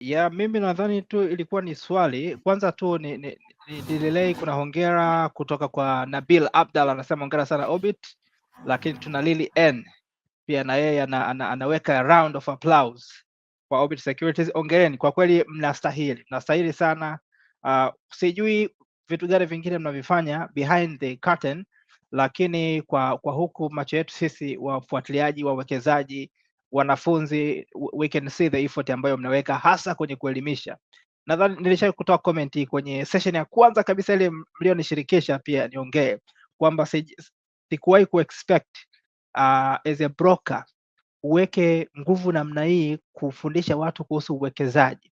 Ya, mimi nadhani tu ilikuwa ni swali kwanza tu ni, ni, ni, Kuna hongera kutoka kwa Nabil abdal anasema hongera sana Obit, lakini tuna Lili N pia na yeye ana, ana, anaweka round of applause kwa Orbit Securities. kwa kweli, mnastahili mnastahili sana. Uh, sijui vitu gani vingine mnavifanya behind the curtain, lakini kwa, kwa huku macho yetu sisi wafuatiliaji wawekezaji wanafunzi we can see the effort ambayo mnaweka hasa kwenye kuelimisha. Nadhani nilisha kutoa comment kwenye session ya kwanza kabisa ile mlionishirikisha, pia niongee kwamba sikuwahi expect uh, as a broker uweke nguvu namna hii kufundisha watu kuhusu uwekezaji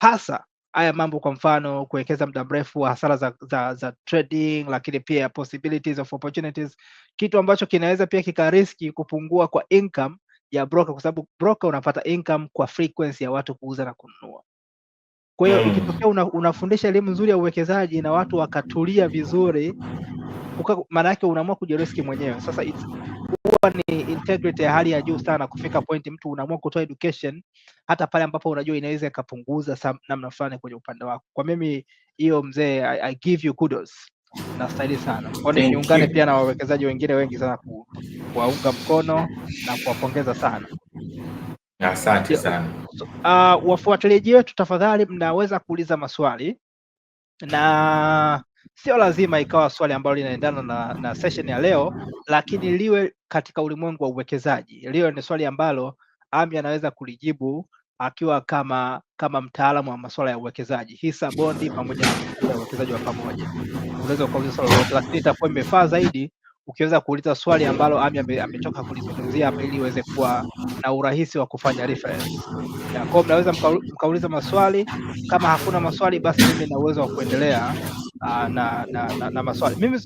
hasa haya mambo, kwa mfano kuwekeza muda mrefu, hasara za, za, za trading, lakini pia possibilities of opportunities, kitu ambacho kinaweza pia kikariski kupungua kwa income ya broker, kwa sababu broker unapata income kwa frequency ya watu kuuza na kununua. Kwa hiyo mm. ikitokea una, unafundisha elimu nzuri ya uwekezaji na watu wakatulia vizuri, maana yake unaamua kujiriski mwenyewe. Sasa it's, huwa ni integrity ya hali ya juu sana, kufika point mtu unaamua kutoa education hata pale ambapo unajua inaweza ikapunguza namna fulani kwenye upande wako. Kwa mimi hiyo mzee, I, I give you kudos nastahili sana. Kwaona niungane pia na wawekezaji wengine wengi sana kuwaunga mkono na kuwapongeza sana. Asante sana. Uh, wafuatiliaji wetu tafadhali, mnaweza kuuliza maswali na sio lazima ikawa swali ambalo linaendana na, na session ya leo, lakini liwe katika ulimwengu wa uwekezaji, liwe ni swali ambalo Ami anaweza kulijibu akiwa kama kama mtaalamu wa masuala ya uwekezaji, hisa, bondi pamoja na uwekezaji wa pamoja. Unaweza ukauliza swali lolote, lakini itakuwa imefaa zaidi ukiweza kuuliza swali ambalo Ami amechoka kulizungumzia hapa, ili iweze kuwa na urahisi wa kufanya reference. mnaweza mkauliza maswali, kama hakuna maswali, basi mimi na uwezo wa kuendelea ah, na, na, na, na maswali mimi